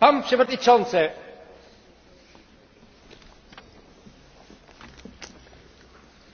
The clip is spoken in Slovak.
pán Przewodniczący.